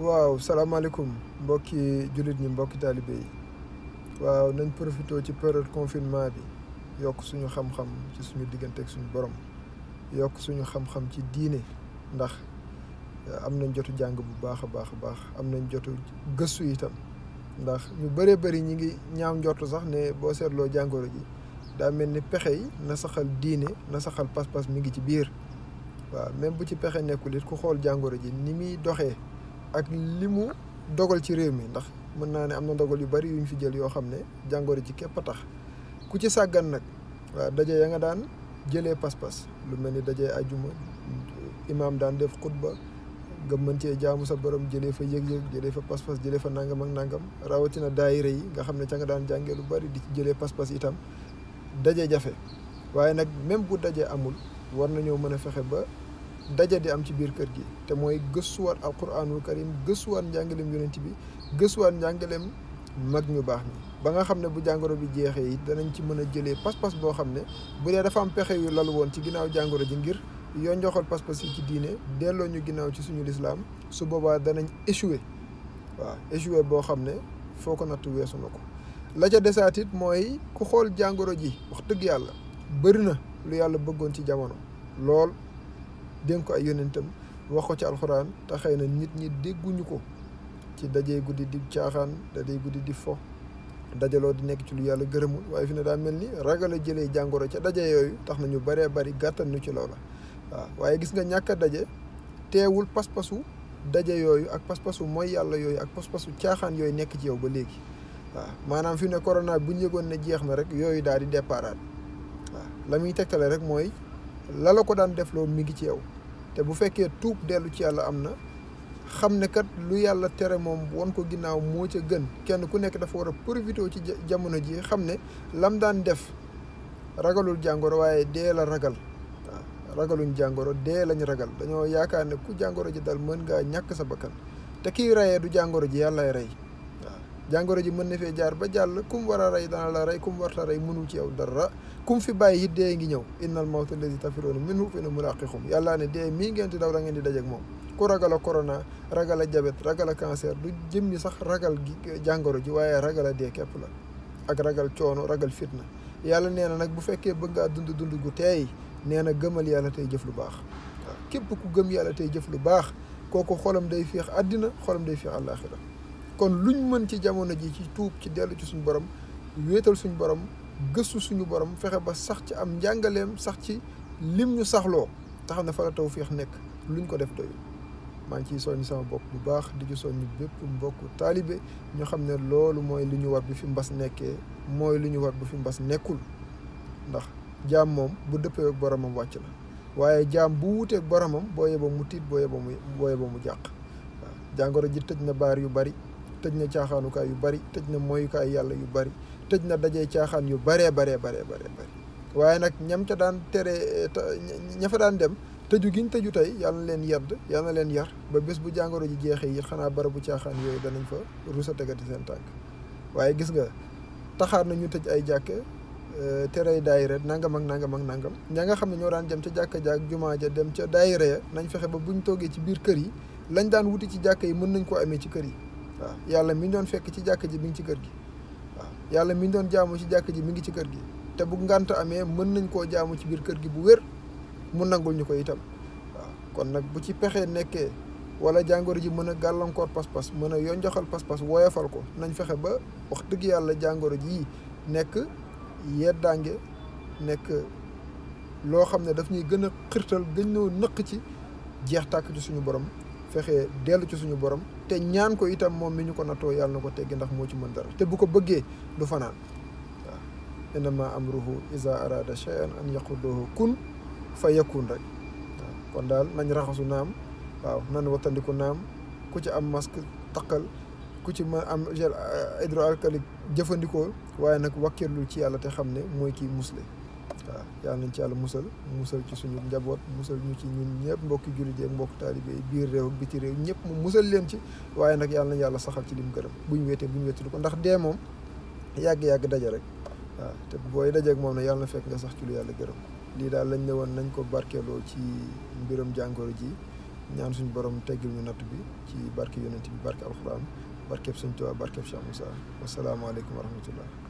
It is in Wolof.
waaw salaamaaleykum mbokki jullit ñi mbokki taalibe yi waaw nañ profité ci période confinement bi yokk suñu xam-xam ci suñu diggante ak suñu borom yokk suñu xam-xam ci diine ndax eh, am nañ jotu jàng bu baax a baax a baax am nañ jotu gëstu itam ndax ñu bëree bëri ñi ngi ñaam njort sax ne boo seetloo jàngoro ji daa mel ni pexe yi na saxal diine na saxal pas-pas mi ngi ci biir waaw même bu ci pexe nekkul it ku xool jàngoro ji ni muy doxee ak limu dogal ci réew mi ndax mën naa ne am na dogal yu bari yuñ fi jël yoo xam ne jàngoro ji képp tax ku ci sàggan nag waaw daje ya nga daan jëlee pas-pas lu mel ni daje ajuma imam daan def xutba nga mën cee jaamu sa borom jëlee fa yëg-yëg jëlee fa pas-pas jëlee fa nangam ak nangam rawatina daayira yi nga xam ne ca nga daan lu bari di ci jëlee pas-pas itam daje jafe waaye nak même bu daje amul war nañoo mën a ba daja di am ci biir kër gi te mooy gëstuwaat alquranul karim gëstuwaat njàngaleem yonent bi gëstuwaat njàngaleem mag ñu baax ñi ba nga xam ne bu jàngoro bi jeexee it danañ ci mën a jëlee pas-pas boo xam ne bu dee dafa am pexe yu lal woon ci ginnaaw jàngoro ji ngir yoo njoxal pas-pas yi ci diine delloo ñu ginnaaw ci suñu lislaam su boobaa danañ échoué waa échoué boo xam ne foo ko nattu weesu na ko la ca desaat it mooy ku xool jàngoro ji wax dëgg yàlla bëri na lu yàlla bëggoon ci jamono dénk ko ay yonentam wax ko ci alquran ta xeyna na nit ñi dégguñu ko ci dajé guddi di caaxaan dajé guddi di fo dajaloo di nek ci lu yalla gërëmul way fi ne da melni ni jëlé jangoro ci dajé tax nañu bari bari gatan ñu ci lola waaye gis nga ñaka dajé daje pas-pasu daje yooyu ak pas-pasu moy yalla yooyu ak pas-pasu caaxaan yooyu nek ci yow ba légui manam fi ne corona bu ñu jeex na rek daal di lamuy la rek moy la la ko daan defloo mi ngi ci yow te bu fekkee tuub dellu ci yàlla am na xam ne kat lu yàlla tere moom won ko ginnaaw moo ca gën kenn ku nekk dafa war a profité ci jamono ji xam ne lam daan def ragalul jàngoro waaye dee la ragal waaw ragaluñ jàngoro dee lañ ragal dañoo yaakaar ne ku jàngoro ji dal mën ngaa ñàkk sa bakkan te kiy rayee du jàngoro ji yàllaay rey jàngoro ji mën na fee jaar ba jàll kum war a rey dana la rey kum warta rey mënu ci yow dara kum fi bàyyi it dee ngi ñëw innal mawta alladi tafiroona minhu fa innahu mulaqikum yàllaa ne dee mii ngeen di daw da ngeen di dajeek moom ku ragal corona ragal jabet ragal cancer du jëmmi sax ragal gi jàngoro ji waaye ragal a dee képp la ak ragal coono ragal fitna yàlla nee na nag bu fekkee bëgg ngaa dund dund gu teey nee na gëmal yàlla tey jëf lu baax waaw képp ku gëm yàlla tey jëf lu baax kooku xolam day fiix àddina xolam day féex àllaaxira kon lu ñu mën ci jamono ji ci tuub ci dellu ci suñu borom wéetal suñu borom gëstu suñu borom fexe ba sax ci am njàngaleem sax ci lim ñu saxloo taxam ne fa taw tawféex nekk luñ ko def doyul maa ngi ciy soññ sama bopp bu baax di ci soññ bépp mbokk taalibe ñu xam ne loolu mooy li ñu war bi fi mbas nekkee mooy li ñu war bu fi mbas nekkul ndax jaam moom bu dëppee ak boromam wàcc la waaye jaam bu wuuteeg boromam boo yeboo mu tiit boo yeboo mu boo yeboo mu jàq waaw jàngoro ji tëj na baar yu bari tëj na caaxaanukaay yu bari tëj na mooyukaay yàlla yu bari tëj na dajee caaxaan yu baree baree baree baree waaye nag ñam ca daan tere eh, ña fa daan dem tëju giñ tëju tey yàlla leen yedd yàlla leen yar ba bés bu jàngoro ji jeexee yi xanaa barabu caaxaan yooyu danañ fa rus a tegati seen tànk waaye gis nga taxaar na ñu tëj ay jàkke eh, tere daayira nangam ak nangam ak nangam ña nga xam ne ñoo daan dem ca jàkk ja ak jumaa ja dem ca daayira ya nañ fexe ba buñ toogee ci biir kër yi lañ daan wuti ci jàkka yi mën nañ koo amee ci kër yi waa yàlla mi doon fekk ci jàkk ji mi ngi ci kër gi waaw yàlla mi doon jaamu ci jàkk ji mi ngi ci kër gi te bu ngànt amee mën nañ koo jaamu ci biir kër gi bu wér mu nangul ñu ko itam waaw kon nag bu ci pexee nekkee wala jàngoro ji mën a gàllankoor pas-pas mën a yonjoxal pas-pas woyofal ko nañ fexe ba wax dëgg yàlla jàngoro ji nekk yeddaange nekk loo xam ne daf ñuy gën a xirtal gën ñoo nëq ci jeex tàkk ci suñu borom fexe dellu ci suñu borom te ñaan ko itam moom mi ñu ko nattoo yàlla na ko teggi ndax moo ci mën dara te bu ko bëggee du fanaan waaw innama amruhu iza arada shay'an an yaqulahu kun fa yakun rek kon daal nañ raxasu naam waaw nan wattandiku naam ku ci am masque takkal ku ci ma am gel euh, hydroalcoolique jëfandikoo waaye nag wàkkirlu ci yàlla te xam ne mooy kii musle waaw yal nañ ci yàlla musal musal ci suñu njaboot musal ñu ci ñun ñëpp mbokki jullit yi ak mbokk taalibe yi biir réew ak biti réew ñëpp mu musal leen ci waaye nag yal yàlla saxal ci lim gërëm buñ wéetee buñ wéetul ko ndax dee moom yàgg-yàgg daje rek waaw te booy dajeek moom ne yàlla na fekk nga sax ci lu yàlla gërëm lii daal lañ ne woon nañ ko barkeeloo ci mbiram jàngoro ji ñaan suñu borom teggil ñu natt bi ci barke yonent bi barke alxuraan barkeb Sëñ Tuubaa barkeb Cheikh Moussa wasalaamaaleykum wa rahmatullah